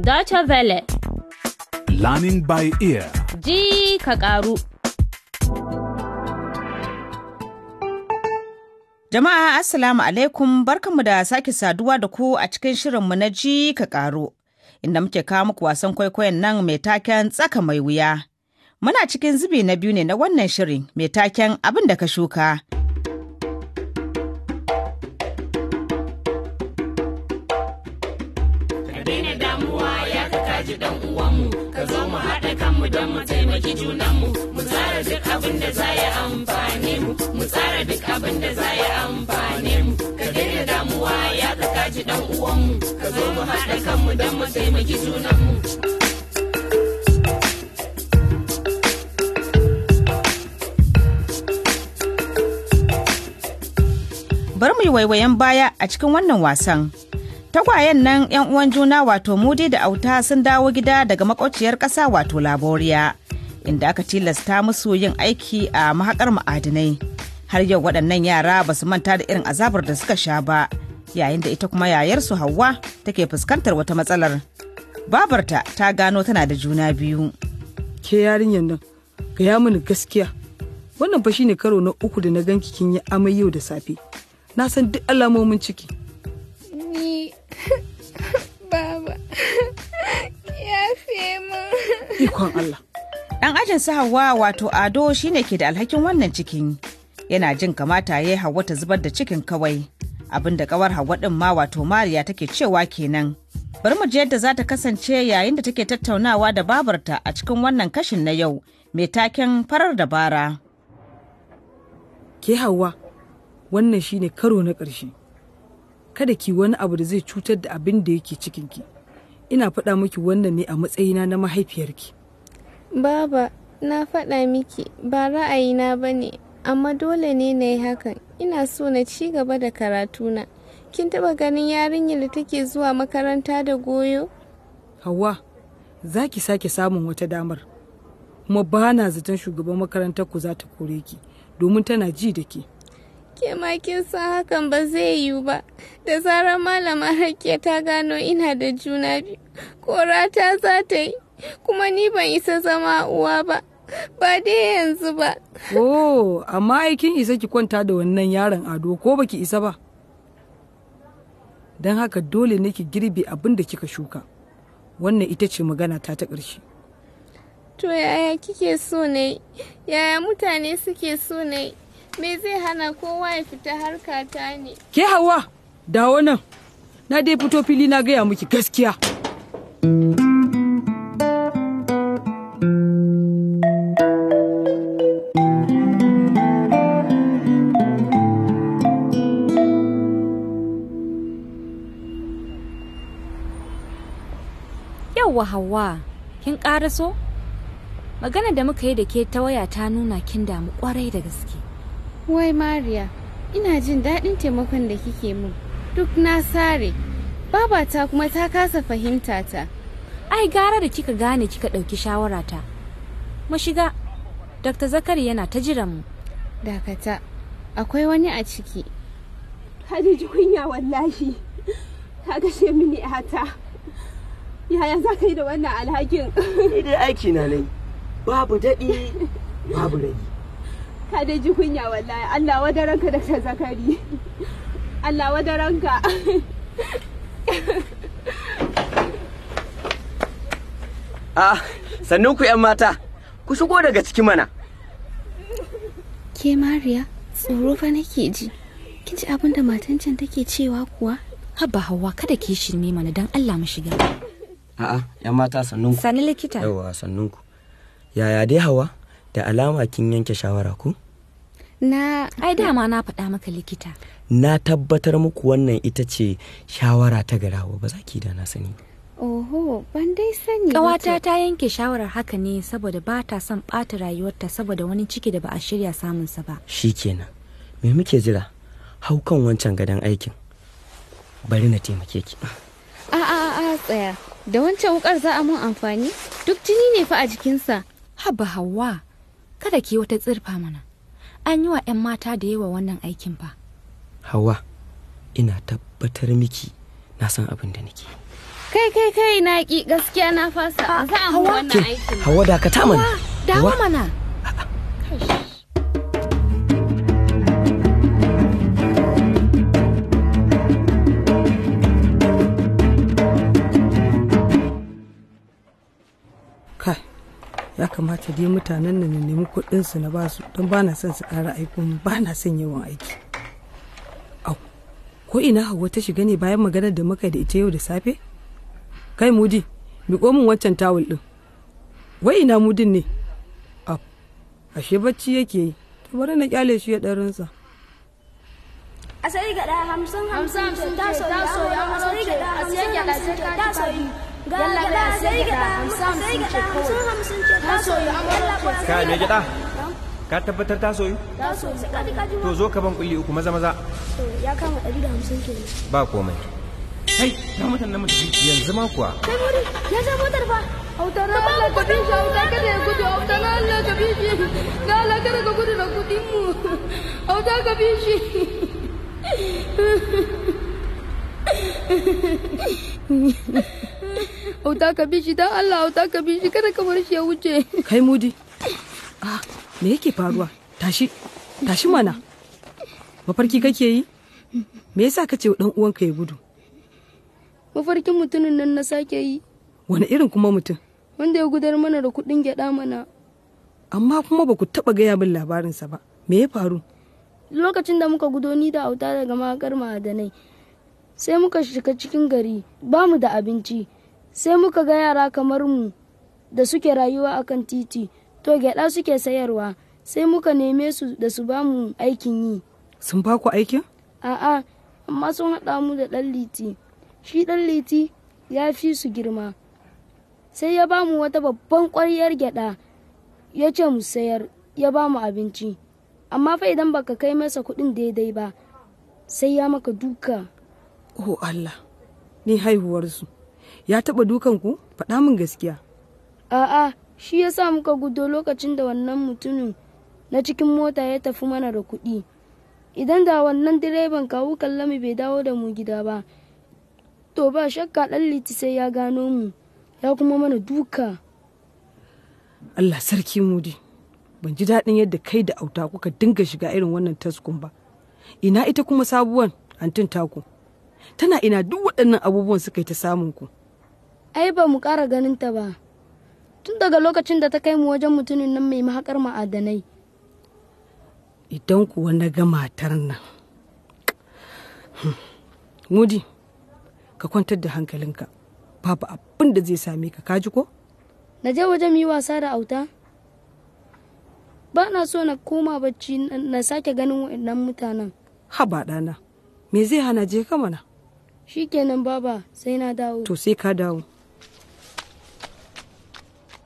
Dacha Vele. Learning by ear. Ji ka ƙaru. Jama'a Assalamu alaikum barkanmu da sake saduwa da ku a cikin shirin mu na ji ka ƙaru. Inda muke kawo muku wasan kwaikwayon nan mai taken tsaka mai wuya. Muna cikin zubi na biyu ne na wannan shirin mai taken abin da ka shuka. dan uwanmu ka zo mu haɗa kanmu don mu taimaki junanmu mu tsara duk abin da za ya amfane mu mu tsara duk abin da za ya amfane mu ka daina damuwa ya ka kaji dan uwanmu ka zo mu haɗa kanmu don mu taimaki junanmu Bar mu yi waiwayen baya a cikin wannan wasan. Tagwayen nan 'yan uwan juna wato Mudi da Auta sun dawo gida daga makwaciyar ƙasa wato Laboriya, inda aka tilasta musu yin aiki a mahakar ma'adinai. Har yau waɗannan yara ba su manta da irin azabar da suka sha ba, yayin da ita kuma yayar su Hauwa take fuskantar wata matsalar. Babarta ta gano tana da juna biyu. Ke yarinyar nan, gaya mini gaskiya. Wannan fa shine karo na uku da na ganki kin yi amai yau da safe. Na san duk alamomin ciki. Ikon Allah. Ɗan ajin su Hauwa wato Ado shine ke da alhakin wannan cikin. Yana jin kamata ya yi Hauwa ta zubar da cikin kawai. Abin da kawar Hauwa ɗin ma wato Mariya take cewa kenan. Bari mu ji yadda za ta kasance yayin da take tattaunawa da babarta a cikin wannan kashin na yau mai taken farar dabara. Ke Hauwa, wannan shine karo na ƙarshe. Kada ki wani abu da zai cutar da abin da yake cikinki. ki. ina faɗa miki wannan ne a matsayina na mahaifiyarki baba na faɗa miki ba ra'ayina ba ne amma dole ne na yi hakan ina so na ci gaba da karatuna kin taɓa ganin yarinyar da take zuwa makaranta da goyo hawa za ki sake samun wata damar kuma ba na zaton shugaban makarantar ku za ta kore ki domin tana ji da ke ke ma kin san hakan ba zai yiwu ba da zarar malama hakke ta gano ina da juna biyu kora ta za ta yi kuma ni ban isa zama uwa ba ba dai yanzu ba oh amma aikin isa ki kwanta da wannan yaron ado ko baki isa ba don haka dole ne ki girbe abin da kika shuka wannan ita ce magana ta ta ƙarshe to yaya kike so ne yaya mutane suke so ne Me zai hana kowa ya fita harka ta ne? Ke hawa, dawo nan. Na dai fito fili na gaya miki gaskiya. Yawwa hawa, kin ƙaraso? Magana da muka yi da ke ta waya ta nuna kin damu kwarai da gaske. wai mariya ina jin daɗin taimakon da kike min. duk na sare babata kuma ta kasa fahimta ta ai gara da kika gane kika ɗauki shawarata mu shiga dr zakari yana ta jira mu dakata akwai wani a ciki ji kunya wallahi ta gashe mini ata yaya za ka yi da wannan alhakin ni dai aiki na nai babu daɗi babu rai ka dai ji kunya wallahi Allah wadaranka da zakari Allah wadaranka ah sannu ku 'yan mata ku shigo daga ciki mana ke mariya tsoro fa nake ji kin ji abin da matan can take cewa kuwa haba hawa kada ki shirme mana dan Allah mu shiga a'a 'yan mata sannunku. ku likita yawa sannunku. yaya dai hawa da alama kin yanke shawara ku? Na, ai dama na faɗa maka likita. Na tabbatar muku wannan ita ce shawara ta garawa ba za ki da na sani. Oho, ban dai sani. Kawata ta yanke shawarar haka ne saboda ba ta son ɓata rayuwarta saboda wani ciki da ba a shirya samunsa ba. Shi kenan, me muke jira? Hau kan wancan gadon aikin. Bari na taimake ki. A'a, a tsaya. Da wancan wukar za a mun amfani? Duk jini ne fa a jikinsa. Haba hawa. kada ki wata tsirfa mana an yi wa 'yan mata da yawa wannan aikin fa hawa ina tabbatar miki na san abin da nake kai kai kai na ki gaskiya na fasa za a wannan aikin hawa dakata mana dawo mana kamata dai mutanen nan na nemi kuɗin su na ba su don ba na son su ƙara aikun ba na son yawan aiki au ko ina hawa ta shiga ne bayan maganar da muka da ita yau da safe kai mudi miƙo min wancan tawul din. wai ina mudin ne au ashe bacci yake yi to bari na kyale shi ya ɗarinsa asali da hamsin hamsin ta soya asali gaɗa hamsin hamsin ta soya yalla ba sai ka me gida ka tabbatar ta soyu to zo ka ban kulli uku maza maza ya kama 150 kenan ba komai kai na mutan yanzu ma kuwa kai muri ya ja motar fa auta Allah ka bi shi auta kada gudu Allah ka bi shi na Allah ka gudu kudin mu auta ka auta ka bi shi dan Allah auta ka bi shi kada ka bar shi ya wuce kai mudi ah me yake faruwa tashi tashi mana mafarki kake yi me yasa ka ce dan uwanka ya gudu mafarkin mutumin nan na sake yi wani irin kuma mutum wanda ya gudar mana da kudin gyada mana amma kuma ba ku taba gaya min labarinsa ba me ya faru lokacin da muka gudo ni da auta daga makar ma'adanai sai muka shiga cikin gari ba mu da abinci sai muka ga yara kamar mu da suke rayuwa a kan titi to gyaɗa suke sayarwa sai muka neme su da su ba mu aikin yi sun ba ku aikin a'a amma sun haɗa mu da ɗan liti shi ɗan liti ya fi su girma sai ya ba mu wata babban ƙwaryar gyaɗa ya ce mu sayar ya ba mu abinci amma fa idan baka kai masa kuɗin daidai ba sai ya maka duka oh allah ni haihuwarsu ya taba dukan ku faɗa min gaskiya a'a shi ya sa muka gudo lokacin da wannan mutumin na cikin mota ya tafi mana da kuɗi idan da wannan direban kawu kallami bai dawo da mu gida ba to ba shakka ɗan liti sai ya gano mu ya kuma mana duka allah sarki mudi ban ji daɗin yadda kai da auta kuka dinga shiga irin wannan taskun ba ina ita kuma sabuwan antin taku tana ina duk waɗannan abubuwan suka yi ta samun ku ai ba mu ƙara ganin ta ba tun daga lokacin da ta kai mu wajen mutumin nan mai mahakar ma'adanai idan kuwa na ga matar nan hmm. mudi ka kwantar da hankalinka babu abin da zai same ka kaji ko na je wajen yi wasa da auta ba na so na koma bacci na sake ganin waɗannan mutanen haba ɗana me zai hana je ka mana shikenan baba sai na dawo to sai ka dawo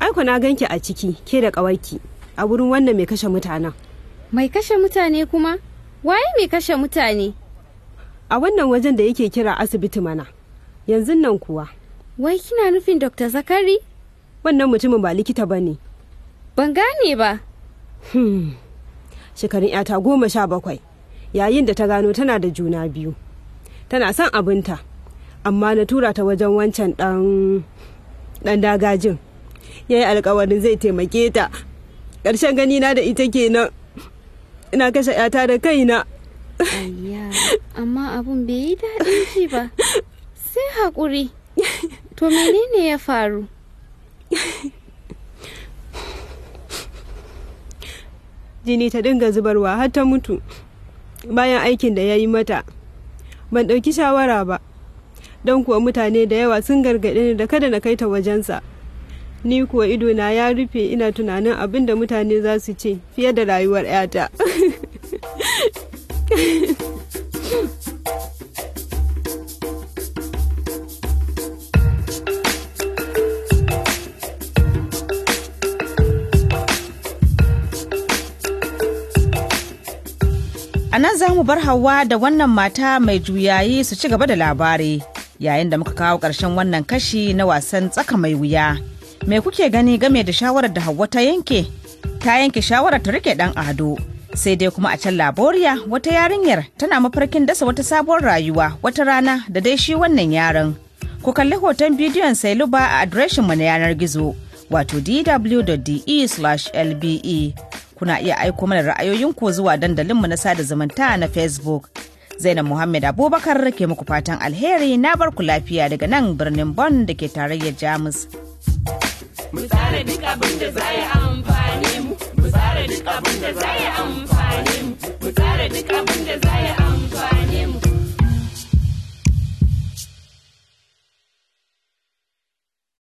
ai na ganki a ciki ke da ƙawarki a wurin wannan mai kashe mutanen mai kashe mutane kuma waye mai kashe mutane a wannan wajen da yake kira asibiti mana yanzu nan kuwa wai kina nufin dr zakari wannan mutumin ba likita ba ne ban gane ba hmm. shekarun yata goma sha bakwai yayin da ta gano tana da juna biyu tana son abinta amma na tura ta wajen wancan dan dagajin ya yi alkawarin zai taimake ta ƙarshen gani na da ita kenan ina kashe yata da kaina amma abun bai yi daɗin ba sai haƙuri to menene ya faru jini ta dinga zubarwa har ta mutu bayan aikin da ya yi mata ban ɗauki shawara ba don kuwa mutane da yawa sun gargaɗe ni da kada na kai ta wajensa ni kuwa idona ya rufe ina tunanin abin da mutane za su ce fiye da rayuwar 'yata. A nan za mu bar hawa da wannan mata mai juyayi su ci gaba da labari yayin da muka kawo ƙarshen wannan kashi na wasan tsaka mai wuya. Me kuke gani game da shawarar da Hauwa ta yanke? Ta yanke shawarar ta rike dan ado. Sai dai kuma a can Laboriya wata yarinyar tana mafarkin dasa wata sabuwar rayuwa wata rana da dai shi wannan yaron. Ku kalli hoton bidiyon Sailuba a adireshin mu na yanar gizo wato dw.de/lbe. E. Kuna iya aiko mana ra'ayoyinku zuwa dandalinmu na sada zumunta na Facebook. Zainab Muhammad Abubakar ke muku fatan alheri na barku lafiya daga nan birnin Bonn da ke tarayyar Jamus. mu tsara duk abin da za ya amfani mu mu tsara duk abin da za amfani mu mu tsara duk amfani mu